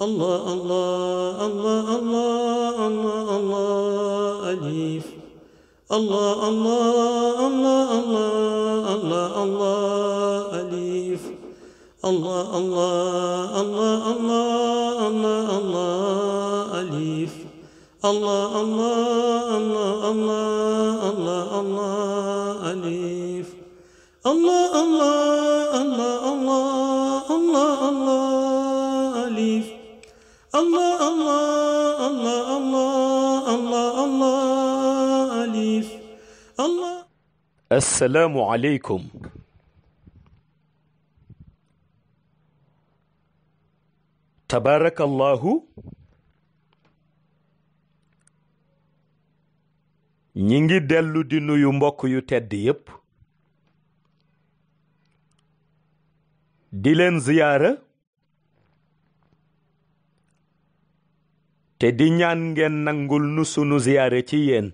الله الله الله الله الله الله أليف الله الله الله الله الله الله أليف الله الله الله الله الله الله أليف الله الله الله الله الله الله أليف الله الله assalaamu aleykum tabaarakallaahu ñi ngi dellu di nuyu mbokk yu tedd yëpp dileen leen ziyaara te di ñaan ngeen nangul nu sunu ziyaare ci yéen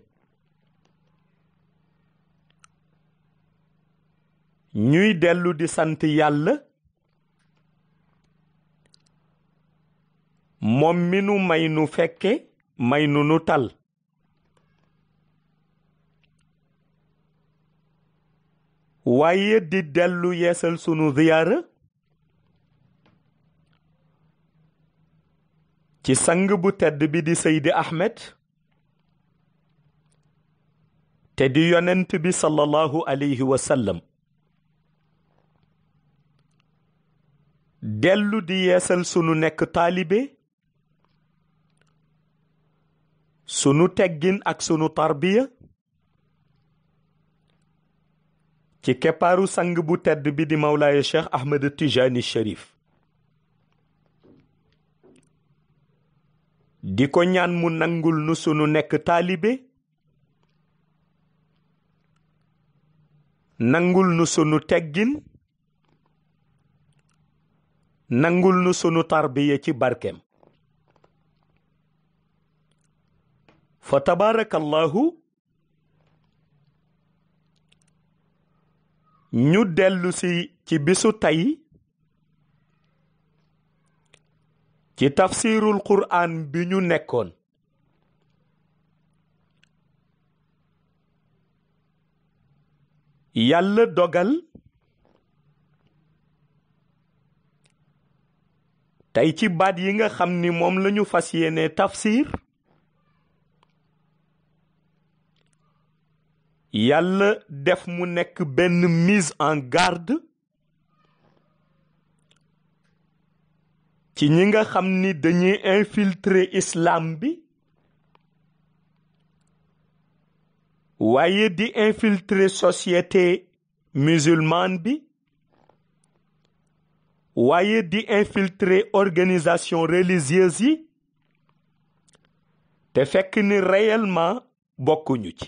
ñuy dellu di sant yàlla moom mi nu may nu fekke may nu nu tal waaye di dellu yeesal sunu ziyaara ci sang bu tedd bi di Seydi Ahmed te di yonent bi sallallahu alayhi wa sallam dellu di yeesal sunu nekk taalibe sunu teggin ak sunu tarbiya ci keppaaru sang bu tedd bi di mawlaaye cheikh ahmed tijani sharif di ko ñaan mu nangul nu sunu nekk taalibe nangul nu sunu teggin nangul nu sunu tarbiya ci barkeem fa tabaarakallahu ñu dellusi ci bisu tey ci tafsirul quraan bi ñu nekkoon yàlla dogal tey ci baat yi nga xam ni moom lañu fas yéene tafsir yàlla def mu nekk benn mise en garde ci ñi nga xam ni dañuy infiltrer islam bi waaye di infiltrer société musulmane bi waaye di infiltre organisation religieuse yi te fekk ni réellement bokkuñu ci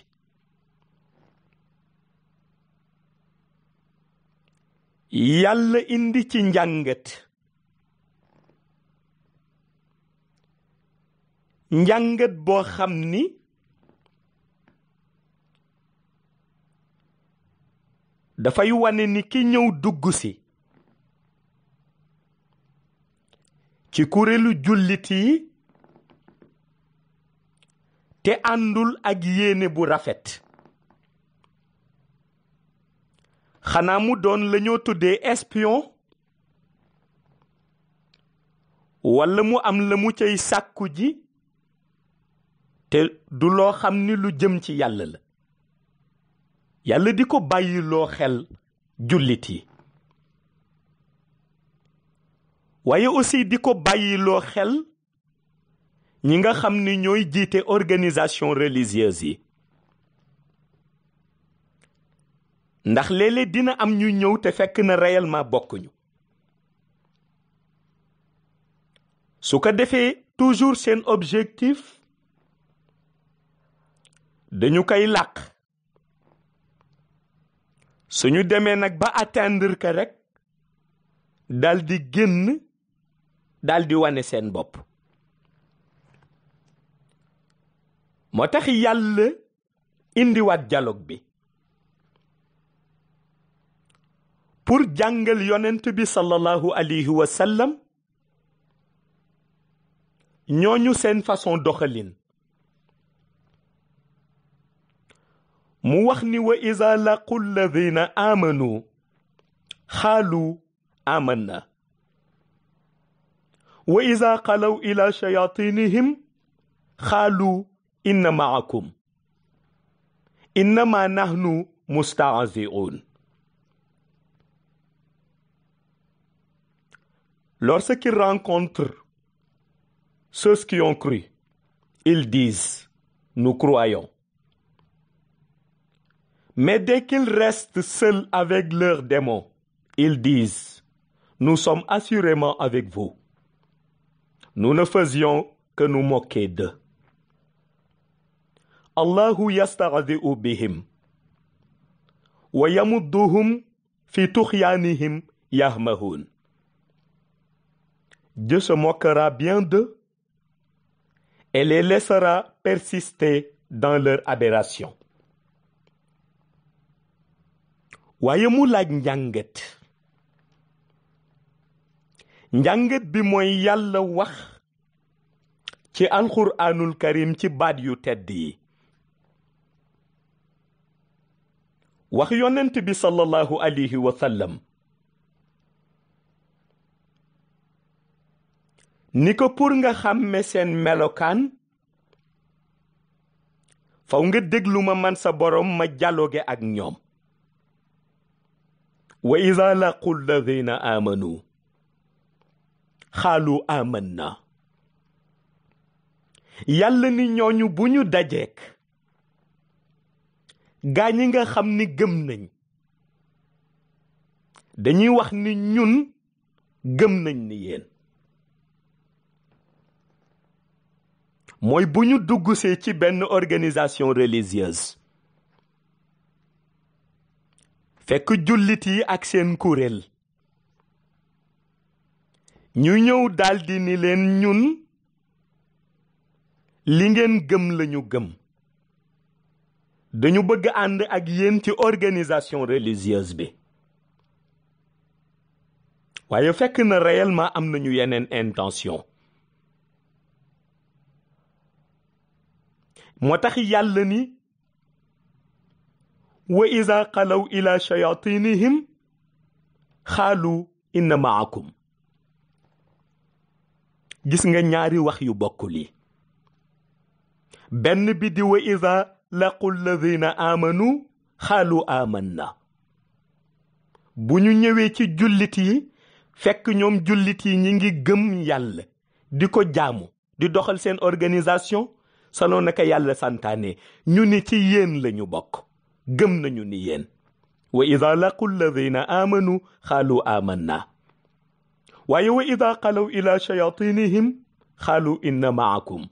yàlla indi ci njàngat njàngat boo xam ni dafay wane ni ki ñëw dugg si ci kuréelu jullit yi te àndul ak yéene bu rafet xanaa mu doon lañoo ñoo tuddee espion walla mu am la mu cay sàkku ji te du loo xam ni lu jëm ci yàlla la yàlla di ko bàyyi loo xel jullit yi waaye aussi di ko bàyyiloo xel ñi nga xam ni ñooy jiite organisation religieuse yi ndax léeg dina am ñu ñëw te fekk na réellement bokkuñu su ko defee toujours seen objectif dañu koy làq suñu demee nag ba atteindre ko rek dal di génn daldi wane seen bopp moo tax yàlla indiwaat jalook bi pour jàngal yonent bi sallallahu alayhi wa sallam ñooñu seen façon doxalin mu wax ni wa iza laqu alladina amanu xaalu amanna wa ida xalaw ila shayatinihim xaalu inna maakum innama nahnu mustahzi'un lorsqu'ils rencontrent ceux qui ont cru ils disent nous croyons mais dès qu'ils seuls avec leurs démons ils disent nous sommes assurément avec vous nous ne faisions que nous moquer d'eux. Allahu yastahzi'u bihim wa yamudduhum fi tughyanihim yahmahun. Dieu se moquera bien d'eux et les laissera persister dans leur aberration. waaye mu laaj njàngat njàngat bi mooy yàlla wax ci alxuraanul karim ci baat yu tedd yi wax yonent bi sallallahu alayhi wa ni ko pour nga xàmme seen melokaan faw nga déglu ma man sa borom ma dialogue ak ñoom wa iza laqu alladhina amanu xaalu aman na yàlla ni ñooñu bu ñu dajeek gaa ñi nga xam ni gëm nañ dañuy wax ni ñun gëm nañ ni yéen mooy bu ñu duggsee ci benn organisation religieuse fekk jullit yi ak seen kuréel ñu ñëw daldi ni leen ñun li ngeen gëm lañu gëm dañu bëgg ànd ak yéen ci organisation religieuse bi waaye fekk na réellement am nañu yeneen intention moo tax yàlla ni wa iza xalaw ila xaalu inna maakum gis nga ñaari wax yu bokkul yi benn bi di wa ida làqul alladina amanu xaalu aman na bu ñu ñëwee ci jullit yi fekk ñoom jullit yi ñi ngi gëm yàlla di ko jaamu di doxal seen organisation salon naka yàlla santaane ñu ni ci yéen lañu bokk gëm nañu ni yéen wa ida laqu alladina amanu xaalu aman waaye wa ida xalaw ila shayatinihim xaalu inna maakum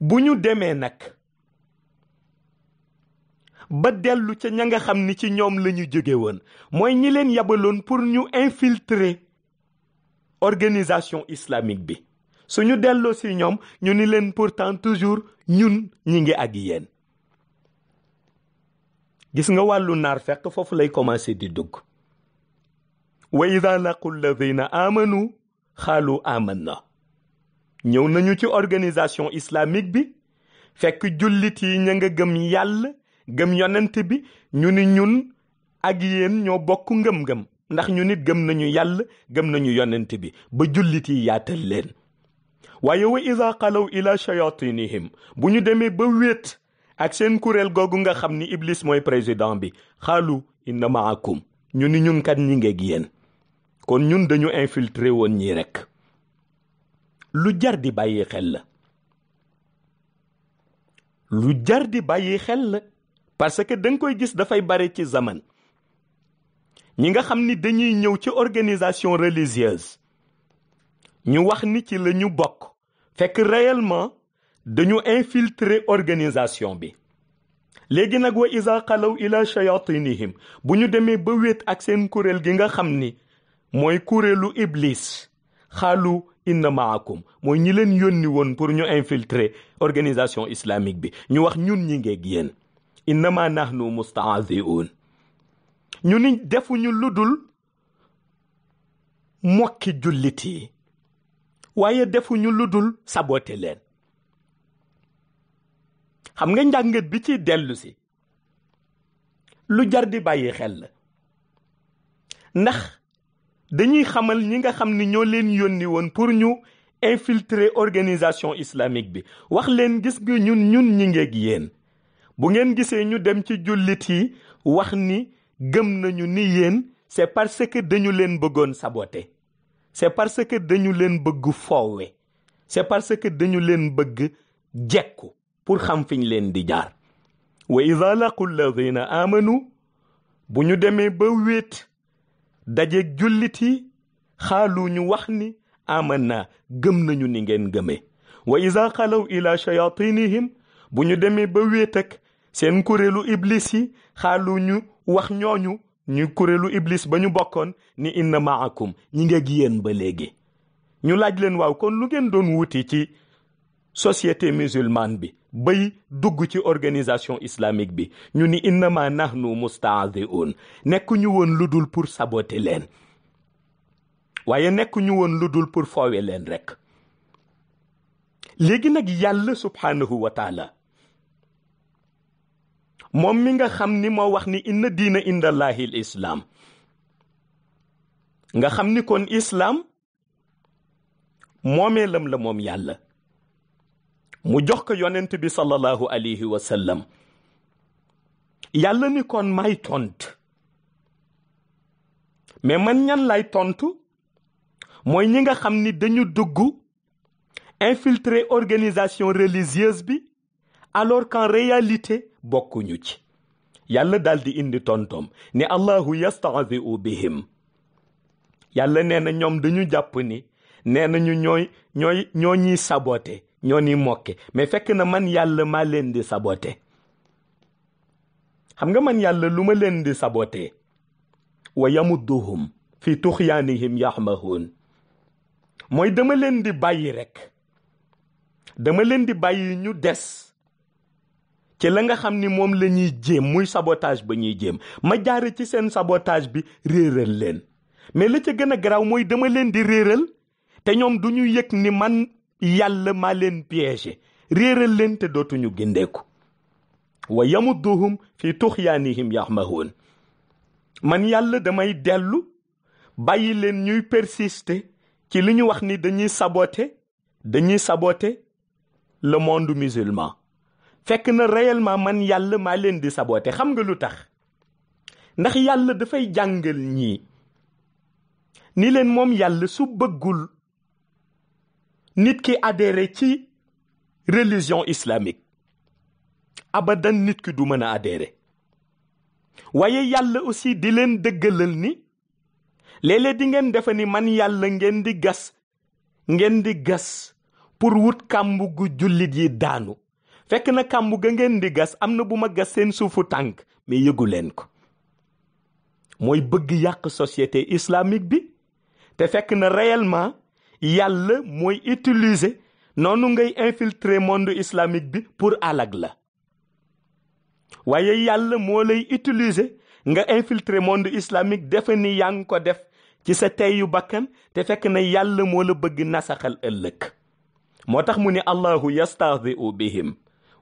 bu ñu demee nag ba dellu ca ña nga xam ni ci ñoom la ñu jóge mooy ñi leen yabaloon pour ñu infiltrer organisation islamique bi suñu delloo si ñoom ñu ni leen pour pourtant toujours ñun ñi ngi ak yéen gis nga wàllu naar fekk foofu lay commencer di dugg wa ida laqu alladina amanu xaalu amanna ñëw nañu ci organisation islamique bi fekk jullit yi ña nga gëm yàlla gëm yonent bi ñu ni ñun ak yéen ñoo bokk ngëm-ngëm ndax ñu nit gëm nañu yàlla gëm nañu yonent bi ba jullit yi yaatal leen waaye wa ida xalaw ila shayatinihim bu ñu demee ba wéet ak seen kuréel googu nga xam ni iblis mooy président bi xaalu inna maakum ñu ni ñun kat ñi ngeeg yéen kon ñun dañu infiltrer woon ñii rekk lu jar di bàyyi xel la lu jar di bàyyi xel la parce que da nga koy gis dafay bare ci zaman ñi nga xam ni dañuy ñëw ci organisation religieuse ñu wax ni ci lañu bokk fekk réellement dañu infiltrer organisation bi léegi nag wa isa xalaw ila shayatinihim bu ñu demee ba wéet ak seen kuréel gi nga xam ni mooy kuréelu iblis xaalu inna maakum mooy ñi leen yónni woon pour ñu infiltrer organisation islamique bi ñu wax ñun ñi ngeeg yéen nu nahnu mustahzi'un ñu ni defuñu ludul mokki jullit yi waaye defuñu dul sabote leen xam nga njàngat bi ci dellusi lu jar di bàyyi xel la ndax dañuy xamal ñi nga xam ni ñoo leen yónni woon pour ñu infiltrer organisation islamique bi wax leen gis nga ñun ñun ñi ngeeg yéen bu ngeen gisee ñu dem ci jullit yi wax ni gëm nañu ni yéen c'est parce que dañu leen bëggoon saboter c'est parce que dañu leen bëgg foowe c'est parce que dañu leen bëgg jekku pour xam fiñ leen di jaar wa ida laqu amanu bu ñu demee ba wéet dajeeg jullit yi xaalu ñu wax ni aman naa gëm nañu ni ngeen gëmee wa isa xalaw ila bu ñu demee ba wéet seen kuréelu iblis yi xaalu ñu wax ñooñu ñu kuréelu iblis ba ñu bokkoon ni inna maakum ñi ngeeg yéen ba léegi ñu laaj leen waaw kon lu ngeen doon wuti ci société musulmane bi bay dugg ci organisation islamique bi ñu ni innama nahnu mustahzi'un nekk ñu woon lu dul pour saboter leen waaye nekk ñu woon lu dul pour foowe leen rek léegi nag yàlla subhanahu wa taala moom mi nga xam ni moo wax ni inna diina indallahi l islaam nga xam ni kon islaam moomeelam la moom yàlla mu jox ko yonent bi sallallahu alayhi wa sallam yàlla ni kon may tontu mais man ñan lay tontu mooy ñi nga xam ni dañu dugg infiltrer organisation religieuse bi alors qu'en réalité bokkuñu ci yàlla daal di indi tontoom ni allahu bi bihim yàlla nee na ñoom dañu jàpp ni nee nañu ñooy ñooy ñoo ñiy sabote ñoo ni mokke mais fekk na man yàlla maa leen di sabote xam nga man yàlla lu ma leen di sabote wa yamudduhum fi tuxyaanihim yaxmahuun mooy dama leen di bàyyi rekk dama leen di bàyyi ñu des ci la nga xam ni moom la ñuy jéem muy sabotage ba ñuy jéem ma jaare ci seen sabotage bi réeral leen mais la ca gën a garaaw mooy dama leen di réeral te ñoom du ñu yëg ni man yàlla maa leen piégé réeral leen te dootuñu gindeeku wa yamu yamudduhum fi tuxyaanihim yahmahoon man yàlla damay dellu bàyyi leen ñuy persister ci li ñu wax ni dañuy saboote dañuy saboote le monde musulman fekk na réellement man yàlla maa leen di saboote xam nga lu tax ndax yàlla dafay jàngal ñii ni leen moom yàlla su bëggul nit ki adhéré ci religion islamique abadan nit ki du mën a adhéré waaye yàlla aussi di leen dëggalal ni léeg di ngeen defe ni man yàlla ngeen di gas ngeen di gas pour wut kàmb jullit yi daanu fekk na kàmb ga ngeen di gas am na bu ma gas seen suufu tànk mais yëgu leen ko mooy bëgg yàq société islamique bi te fekk na réellement yàlla mooy utiliser noonu ngay infiltre monde islamique bi pour alag la waaye yàlla moo lay utiliser nga infiltrer monde islamique defa ni yaa ngi ko def ci sa teyu bakkan te fekk na yàlla moo la bëgg nasaxal ëllëg moo tax mu ne allahu yastahzi'u bihim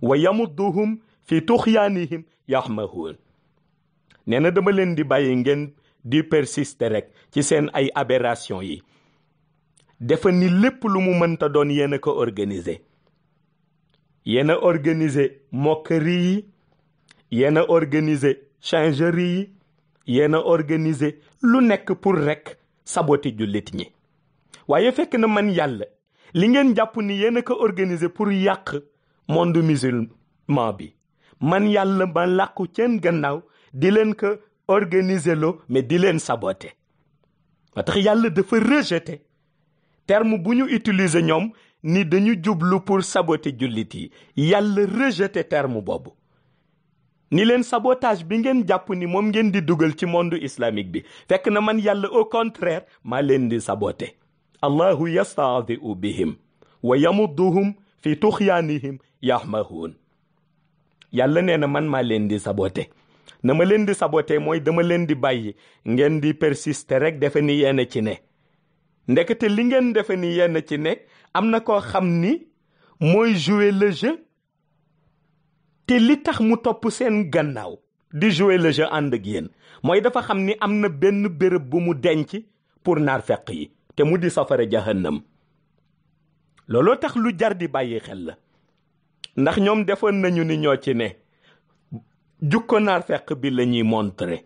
wa yamudduhum fi tuxyaanihim yahmahuun nee na dama leen di bàyyi ngeen di persister rek ci seen ay aberration yi defa ni lépp lu mu mënta doon yéen a ko organiser yéen a organiser moquerie yi yéen a organiser changerie yi yéen a organiser lu nekk pour rekk saboter jullit ñi waaye fekk na man yàlla li ngeen jàpp ni yéen a ko organiser pour yàq monde musulman bi man yàlla ma làkku seen gannaaw di leen ko organiser loo mais di leen saboter ba tax yàlla dafa rejeter terme bu ñu utiliser ñoom ni dañu jublu pour saboter jullit yi yàlla rejeté terme boobu ni leen sabotage bi ngeen jàpp ni moom ngeen di dugal ci monde islamique bi fekk na man yàlla au contraire maa leen di saboté allahu yastahzi'u bihim wa yamudduhum fi tuxyaanihim yahmahuun yàlla nee na man maa leen di saboté na ma leen di saboté mooy dama leen di bàyyi ngeen di persister rek defe ni yéen ci ne ndekete li ngeen defe ni yenn ci nekk am na koo xam ni mooy jouer le te li tax mu topp seen gannaaw di jouer le ànd ak yéen mooy dafa xam ni am na benn béréb bu mu denc pour naar feq yi te mu di safara jahannam looloo tax lu jar di bàyyi xel la ndax ñoom defoon nañu ni ñoo ci ne jukko naar feq bi lañuy ñuy montré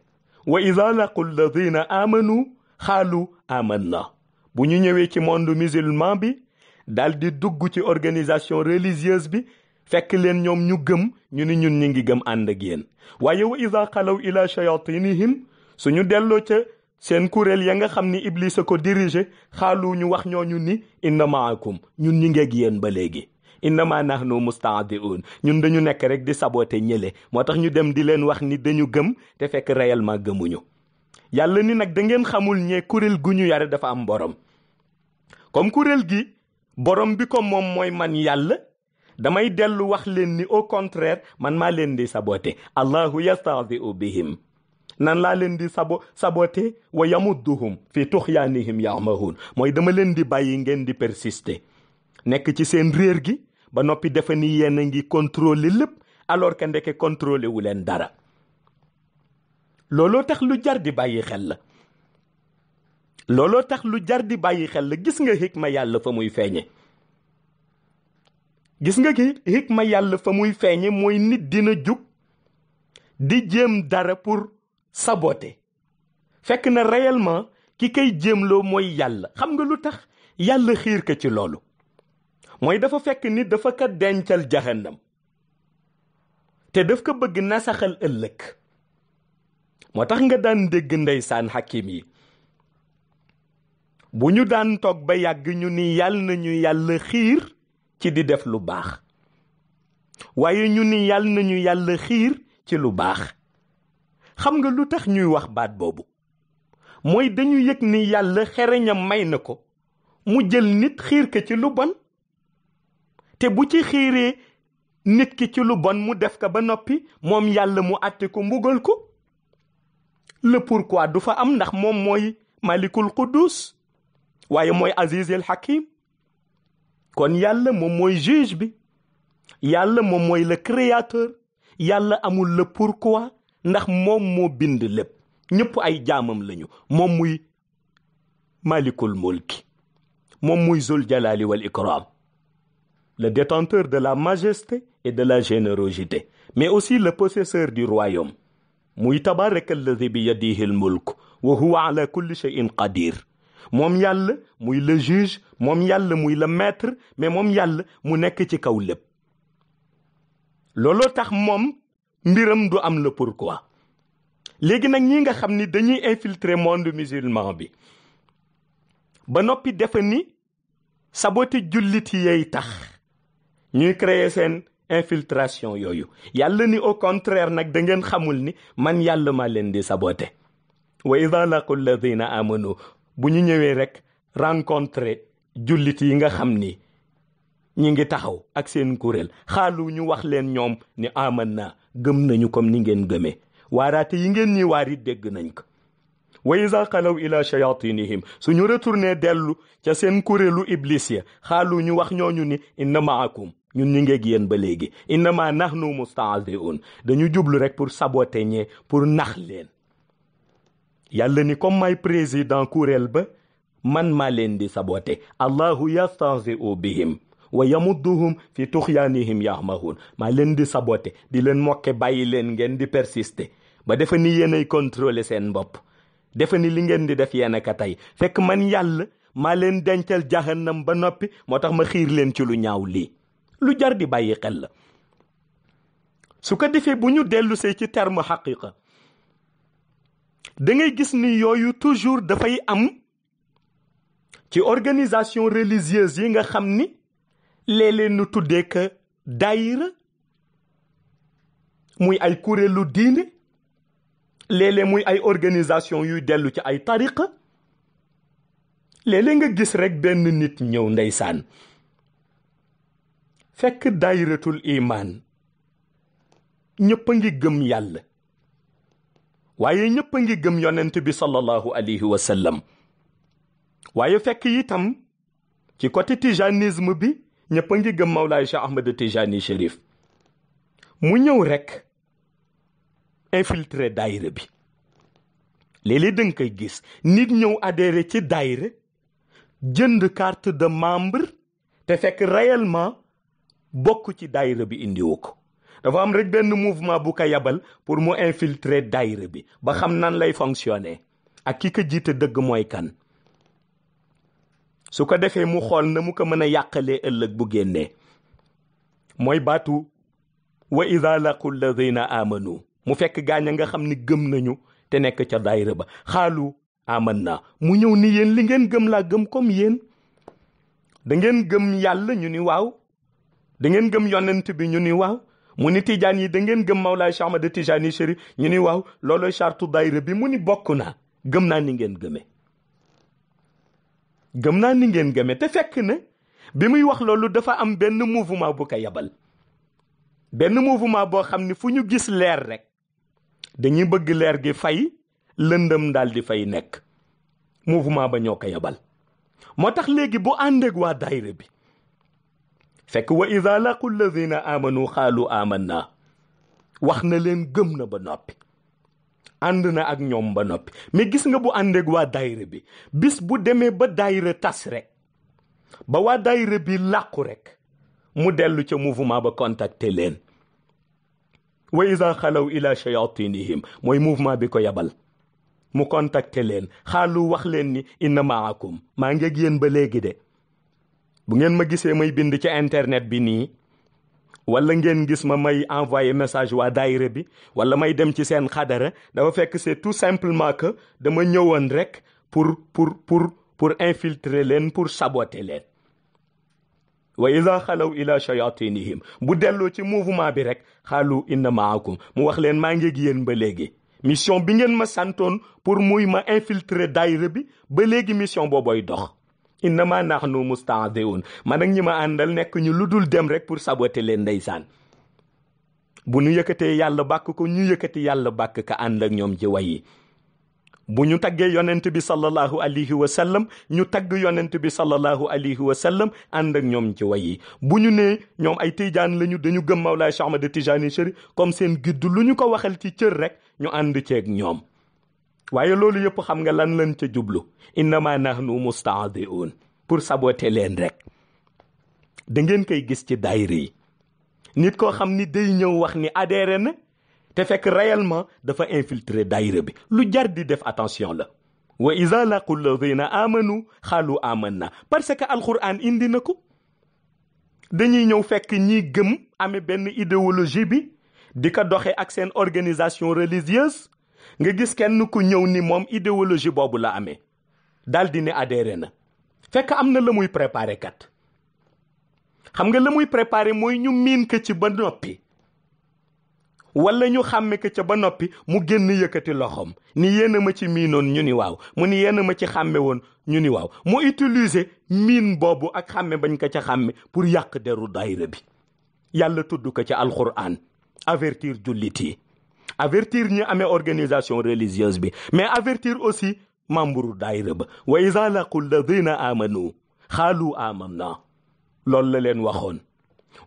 wa ida laqu amanu xaalu aman na bu ñu ñëwee ci monde musulman bi daal di dugg ci organisation religieuse bi fekk leen ñoom ñu gëm ñu ni ñun ñu ngi gëm ànd ak yéen waaye wa ida xalaw ila shayatinihim suñu delloo ca seen kuréel ya nga xam ni iblis a ko dirigé xaalu ñu wax ñooñu ni inna maakum ñun ñu ngeeg yéen ba léegi innama nahnu oon ñun dañu nekk rek di saboté ñële moo tax ñu dem di leen wax ni dañu gëm te fekk réellement gëmuñu yàlla ni nag da ngeen xamul ñee kuréel gu ñu yare dafa am borom comme kuréel gi borom bi ko moom mooy man yàlla damay dellu wax leen ni au contraire man maa leen di sabote allahu yastahzi'u bihim nan laa leen di sabo sabote wa yamudduhum fi tuxyaanihim yamahun mooy dama leen di bàyyi ngeen di persister nekk ci seen réer gi ba noppi defe ni yéen a ngi contrôler lépp alors que ndeke contrôler wu leen dara looloo tax lu jar di bàyyi xel la looloo tax lu jar di bàyyi xel la gis nga xikma yàlla fa muy feeñe gis nga ki xikma yàlla fa muy feeñe mooy nit dina jug di jéem dara pour saboter fekk na réellement ki kay jéemloo mooy yàlla xam nga lu tax yàlla xiir ko ci loolu mooy dafa fekk nit dafa ko dencal jahannam te daf ko bëgg nasaxal ëllëg moo tax nga daan dégg ndeysaan xakim yi bu ñu daan toog ba yàgg ñu ni yàll nañu yàlla xiir ci di def lu baax waaye ñu ni yàll nañu yàlla xiir ci lu baax xam nga lu tax ñuy wax baat boobu mooy dañu yëg ni yàlla xereñam may na ko mu jël nit xiir ko ci lu bon te bu ci xiiree nit ki ci lu bon mu def ko ba noppi moom yàlla mu àtte ko mbugal ko le pourquoi du fa am ndax moom mooy malikul quddus waaye mooy azizil hakim kon yàlla moom mooy juge bi yàlla moom mooy le créateur yàlla amul le pourquoi ndax moom moo bind lépp ñëpp ay jaamam lañu moom muy malikul mulki moom muy zul jalali wal ikram le détenteur de la majesté et de la générosité mais aussi le possesseur du royaume muy tabaraka alladi bi yadihi almulk wa huwa ala kulli cheyin qadir moom yàlla muy le juge moom yàlla muy le maître mais moom yàlla mu nekk ci kaw lépp looloo tax moom mbiram du am le pourquoi léegi nag ñi nga xam ni dañuy infiltrer monde musulman bi ba noppi defe ni sabote jullit yey tax ñuy créer seen infiltration yooyu yàlla ni au contraire nag da ngeen xamul ni man yàlla ma leen di saboté wa ida laqu alladina amanu bu ñu ñëwee rek rencontré jullit yi nga xam ni ñi ngi taxaw ak seen kuréel xaalu ñu wax leen ñoom ni aman na gëm nañu comme ni ngeen gëmee waaraate yi ngeen ñi waari dégg nañ ko wa isa xalaw ila shayatinihim suñu retourné dellu ca seen kuréelu iblis ya xaalu ñu wax ñooñu ni inna maakum ñun ñu ngeeg yéen ba léegi nax innama nahnu mustahzi'un dañu jublu rek pour saboter ñee pour nax leen yàlla ni comme may président kuréel ba man maa leen di saboter allahu yastahzi'u bihim wa yamudduhum fi tuxyaanihim yahmahun maa leen di saboter di leen mokke bàyyi leen ngeen di persister ba defa ni yéen ay contrôler seen bopp defa ni li ngeen di def yéen ka tey fekk man yàlla maa leen dencal jahannam ba noppi moo tax ma xiir leen ci lu ñaaw lii lu jar di bàyyi xel la su ko defee bu ñu dellusee ci terme xaqiqa da ngay gis ni yooyu toujours dafay am ci organisation religieuse yi nga xam ni léeg nu tuddee que daayira muy ay kuréelu diine léeg muy ay organisation yuy dellu ci ay tariqa léeg nga gis rek benn nit ñëw ndeysaan fekk daayiratul imaan ñëpp a ngi gëm yàlla waaye ñëpp a ngi gëm yonent bi sallallahu alayhi wa sallam waaye fekk itam ci côté tijanisme bi ñëpp a ngi gëm Mawlaay Cheikh Ahmed Tijani Chérif mu ñëw rekk infiltré daayira bi léeg-léeg da koy gis nit ñëw adhéré ci daayira jënd carte de membre te fekk réellement bokk ci daayira bi indiwu ko dafa am rek benn mouvement bu ko yabal pour mu infiltrer daayira bi ba xam nan lay fonctionner ak ki ko jiite dëgg mooy kan su ko defee mu xool na mu ko mën a yàqalee ëllëg bu génnee mooy baatu wa ida laqu alladina amanu mu fekk gaañ nga xam ni gëm nañu te nekk ca daayira ba xaalu aman naa mu ñëw ni yéen li ngeen gëm laa gëm comme yéen da ngeen gëm yàlla ñu ni waaw da ngeen gëm yonent bi ñu ni waaw mu ni tijaan yi da ngeen gëm Mawlaay Cheikh Ahmad Tijaani Chérif ñu ni waaw loolooy chartu daayira bi mu ni bokk naa gëm naa ni ngeen gëme gëm naa ni ngeen gëme te fekk ne bi muy wax loolu dafa am benn mouvement bu ko yebal benn mouvement boo xam ni fu ñu gis leer rek dañuy bëgg leer gi fay lëndëm daal di fay nekk mouvement ba ñoo ko yebal moo tax léegi bu àndeeg waa daayira bi fekk wa ida laqu alladina amanu xaalu amanna wax na leen gëm na ba noppi ànd na ak ñoom ba noppi mais gis nga bu àndeeg waa daayira bi bis bu demee ba daayira tas rek ba waa daayira bi làqu rek mu dellu ca mouvement ba contacter leen wa ida xalaw ila shayatinihim mooy mouvement bi ko yabal mu contacter leen xaalu wax leen ni inna maakum maa ngeeg yéen ba léegi de bu ngeen ma gisee may bind ci internet bi nii wala ngeen gis ma may envoyé message waa daayira bi wala may dem ci seen xadara dafa fekk c'est tout simplement que dama ñëwoon rek pour pour pour pour infiltrer leen pour saboter leen wa ida xalaw ila shayatinihim bu delloo ci mouvement bi rek xaalu inna maakum mu wax leen maa ngi ak ba léegi mission bi ngeen ma santoon pour muy ma infiltrer daayira bi ba léegi mission boobooy dox innama nahnu mustahzi'un man ak ñi ma àndal nekk ñu lu dul dem rek pour saboter leen ndeysaan bu ñu yëkkatee yàlla bàkk ko ñu yëkkati yàlla bàkk ka ànd ak ñoom ji way yi bu ñu taggee yonent bi sallallahu alayhi wa sallam ñu tagg yonent bi sallallahu alayhi wa sallam ànd ak ñoom ci way yi bu ñu nee ñoom ay tijaan lañu dañu gëm Mawlaay Cheikh Ahmad Tijani Chérif comme seen gidd lu ñu ko waxal ci cër rek ñu ànd ceeg ñoom waaye loolu yëpp xam nga lan lan ca jublu innama nahnu mustaadiun pour saboter leen rek da ngeen koy gis ci daayira yi nit koo xam ni day ñëw wax ni adhéré na te fekk réellement dafa infiltrer daayira bi lu jar di def attention la wa iza laqu alladina amanu xaalu amanna parce que alquran indi na ko dañuy ñëw fekk ñi gëm ame benn idéologie bi di ko doxe ak seen organisation religieuse nga gis kenn ku ñëw ni moom idéologie boobu la amee daal di ne adhéré na fekk am na la muy préparé kat xam nga la muy préparé mooy ñu miin ko ci ba noppi walla ñu xàmme ko ca ba noppi mu génn yëkkati loxoom ni yéen ma ci miinoon ñu ni waaw mu ni yéen ma ci xàmme woon ñu ni waaw mu utiliser miin boobu ak xàmme bañ ko ca xàmme pour yàq deru daayira bi yàlla tudd ko ca alxuraan avertir jullit yi avertir ñi amee organisation religieuse bi mais avertir aussi membre daayira ba wa la iza laqu alladina amanu xaalu amanna loolu la leen waxoon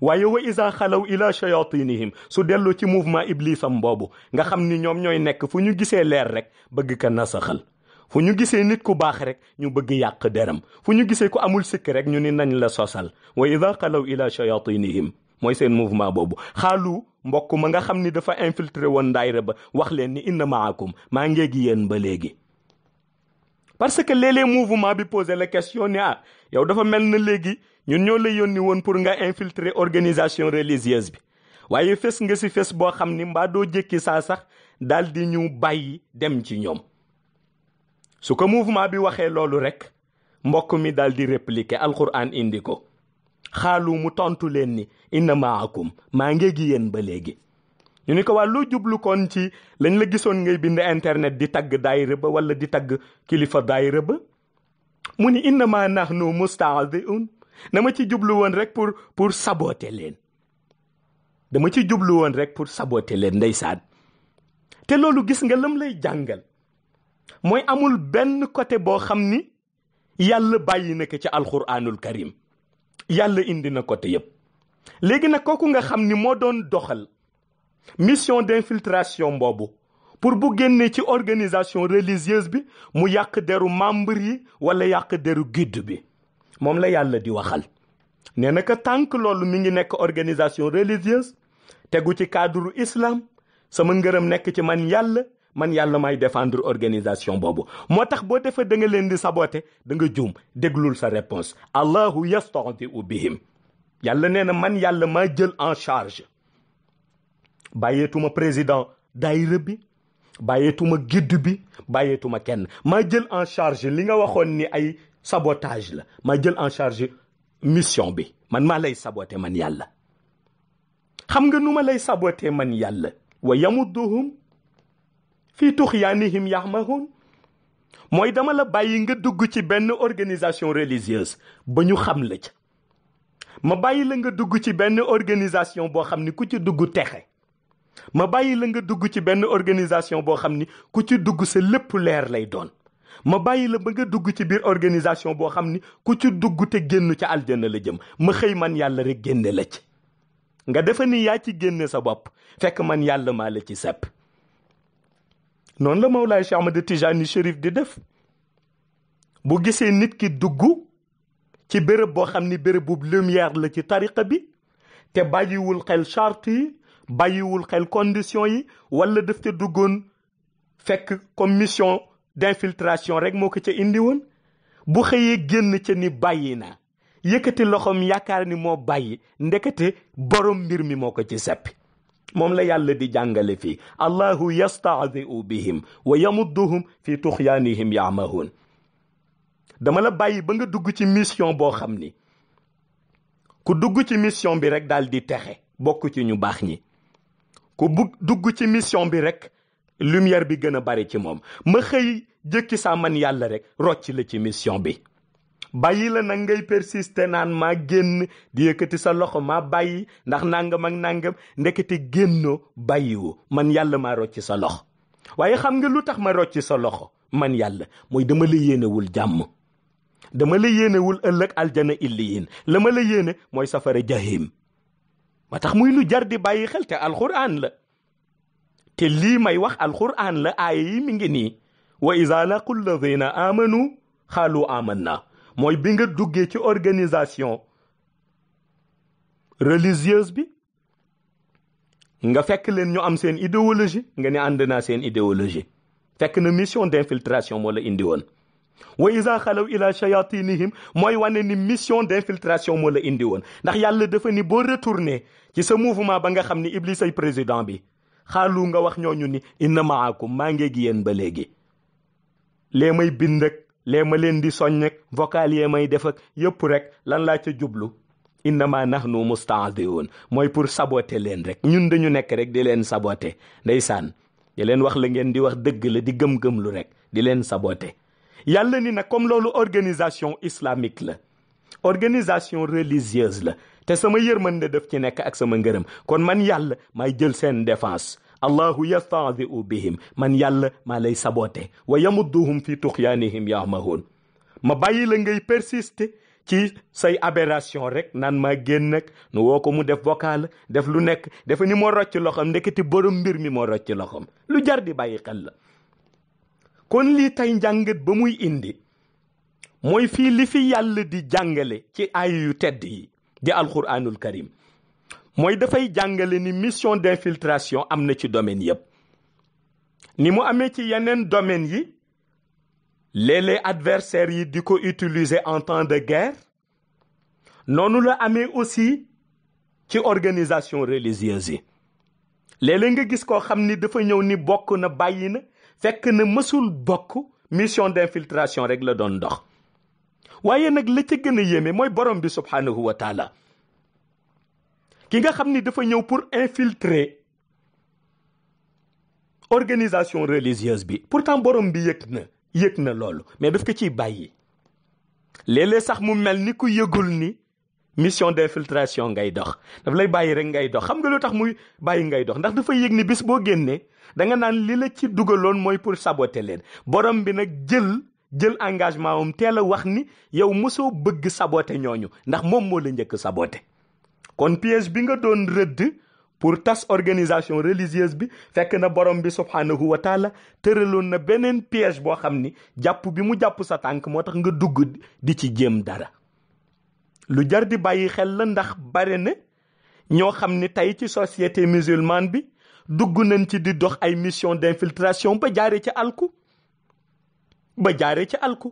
waaye wa isa xalaw ila shayatinihim su dellu ci mouvement iblisam boobu nga xam ni ñoom ñooy nekk fu ñu gisee leer rek bëgg ka nasaxal fu ñu gisee nit ku baax rek ñu bëgg yàq deram fu ñu gisee ku amul sikk rek ñu ni nañ la sosal wa ida xalaw ila shayatinihim mooy seen mouvement boobu xaalu mbokk ma nga xam ni dafa infiltré woon daayira ba wax leen ni inna maakum maa ngeegi yéen ba léegi parce que léeg-léeg bi posé la question ni ah yow dafa mel na léegi ñun ñoo la yónni woon pour nga infiltrer organisation religieuse bi waaye fes nga si fes boo xam ni mbaa doo jékki saa sax daal di ñu bàyyi dem ci ñoom su ko mouvement bi waxee loolu rek mbokk mi daal di répliquer alquran indi ko xaalu mu tontu leen ni inna maakum maa ngi gi ba léegi ñu ni ko waa loo jublu koon ci lañ la gisoon ngay bind internet di tagg daayira ba wala di tagg kilifa daayira ba mu ni inna ma nahnu mustahzi'un dama ci jublu woon rek pour pour saboter leen dama ci jublu woon rek pour saboter leen ndeysaan te loolu gis nga lam lay jàngal mooy amul benn côté boo xam ni yàlla bàyyi na ko ci alxuraanul karim yàlla indi na côté yëpp léegi nag kooku nga xam ni moo doon doxal mission d'infiltration boobu pour bu génnee ci organisation religieuse bi mu yàq deru membre yi wala yàq deru guide bi moom la yàlla di waxal nee na que tànk loolu mi ngi nekk organisation religieuse tegu ci cadre islam sama ngërëm nekk ci man yàlla man yàlla may défendre organisation boobu moo tax boo defee da nga leen di saboté da nga juum déglul sa réponse allahu yastahdiu bihim yàlla nee na man yàlla maa jël en charge bàyyeetuma président daayira bi bàyyeetuma gidd bi bàyyeetuma kenn maa jël en charge li nga waxoon ni ay sabotage la maa jël en charge mission bi man maa lay saboté man yàlla xam nga numa lay saboote man yàlla wa yamudduhum fii ma yahmahun mooy dama la bàyyi nga dugg ci benn organisation religieuse ba ñu xam la ca ma bàyyi la nga dugg ci benn organisation boo xam ni ku ci dugg texe ma bàyyi la nga dugg ci benn organisation boo xam ni ku ci dugg sa lépp leer lay doon ma bàyyi la ba nga dugg ci biir organisation boo xam ni ku ci dugg te génn ca aljana la jëm ma xëy man yàlla rek génne la ci nga defa ni yaa ci génne sa bopp fekk man yàlla maa la ci sepp noonu la Mawlaay Cheikh Ahmad Tijani Chérif di def bu gisee nit ki dugg ci béréb boo xam ni béréb bu lumière la ci tariqa bi te bàyyiwul xel charte yi bàyyiwul xel condition yi wala def ca duggoon fekk comme mission d'infiltration rek moo ko ca indi woon bu xëyee génn ca ni bàyyi na yëkkati loxoom yaakaar ni moo bàyyi ndekete borom mbir mi moo ko ci seppi moom la yàlla di jàngale fii allahu yastahzi'u bihim wa yamudduhum fi tuxyaanihim yaamahuun dama la bàyyi ba nga dugg ci mission boo xam ni ku dugg ci mission bi rek daal di texe bokk ci ñu baax ñi ku bu dugg ci mission bi rek lumière bi gën a bari ci moom ma xëy jëkki saa man yàlla rek rocc la ci mission bi bàyyi la nag ngay persister naan maa génn di yëkkati sa loxo maa bàyyi ndax nangam ak nangam ndekete génnoo bàyyiwoo man yàlla maa rocci sa loxo waaye xam nga lu tax ma rocci sa loxo man yàlla mooy dama la yéenewul jàmm dama la yéenewul ëllëg aljana illiyin la ma la yéene mooy safara jahim ma tax muy lu jar di bàyyi xel te alxuraan la te lii may wax alxuraan la aaya yi mi ngi nii wa iza laqul ladina amanu xaalu aman naa mooy bi nga duggee ci organisation religieuse bi nga fekk leen ñu am seen idéologie nga ne ànd naa seen idéologie fekk na mission d'infiltration moo la indi woon wa isa xalaw ila shayatinihim mooy wane ni mission d'infiltration moo la indi woon ndax yàlla dafa ni boo retourné ci sa mouvement ba nga xam ni iblis ay président bi xaalu nga wax ñooñu ni inna maakum maa ngeeg yéen ba léegi lee may bind rek lee ma leen di soññek vocal yee may def ak yëpp rek lan laa ca jublu innama nahnu mustahzi'un mooy pour saboter leen rek ñun dañu nekk rek di leen saboter ndeysaan di leen wax la ngeen di wax dëgg la di gëm-gëm lu rek di leen saboter yàlla ni nag comme loolu organisation islamique la organisation religieuse la te sama yërmande def ci nekk ak sama ngërëm kon man yàlla may jël seen défense allahu bi bihim man yàlla maa lay saboté wa yamudduhum fi tuxyaanihim yahmahoon ma bàyyi la ngay persister ci say aberration rek naan maa génn nag nu woo ko mu def vocal def lu nekk defa ni moo rocc loxoom ndeketi borom mbir mi moo rocc loxoom lu jar di bàyyi xel la kon lii tey njàngat ba muy indi mooy fii li fi yàlla di jàngale ci ay yu tedd yi di alquranul karim mooy dafay jàngale ni mission d'infiltration am na ci domaine yépp ni mu amee ci yeneen domaine yi léeg-léeg adversaires yi di ko utiliser en temps de guerre noonu la amee aussi ci organisation religieuse yi léeg nga gis koo xam ni dafa ñëw ni bokk na bàyyi na fekk na mësul bokk mission d'infiltration rek la doon ndox waaye nag la ca gën a yéeme mooy borom bi subhaanahu wa ki nga xam ni dafa ñëw pour infiltrer organisation religieuse bi pour pourtant borom bi yëg na yëg na loolu mais daf ko ciy bàyyi léeg sax mu mel ni ku yëgul ni mission d'infiltration ngay dox daf lay bàyyi rek ngay dox xam nga lu tax muy bàyyi ngay dox ndax dafa yëg ni bis boo génnee da nga naan li la ci dugaloon mooy pour saboter leen borom bi nag jël jël engagement am teel a wax ni yow mosoo bëgg saboter ñooñu ndax moom moo la njëkk saboter kon piège bi nga doon rëdd pour tas organisation religieuse bi fekk na borom bi subhanahu wa taala tëraloon na beneen piège boo xam ni jàpp bi mu jàpp sa tànk moo tax nga dugg di ci jéem dara lu jar di bàyyi xel la ndax bare na ñoo xam ni tey ci société musulmane bi dugg nañ ci di dox ay mission d'infiltration ba jaaree ci alku ba jaare ci alku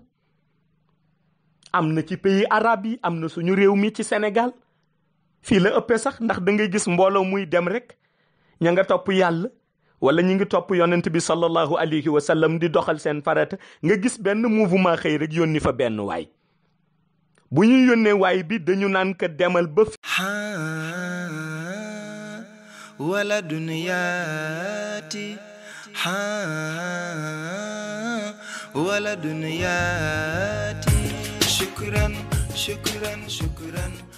am na ci pays arabe yi am na suñu réew mi ci Sénégal fii la ëppee sax ndax da ngay gis mbooloo muy dem rek ña nga topp yàlla wala ñu ngi topp yonent bi sallallahu alayhi wa sallam di doxal seen farata nga gis benn mouvement xëy rek yónni fa benn waay bu ñuy yónnee waay bi dañu naan ko demal ba fi wala duniyaati wala duniyaati shukran shukran shukran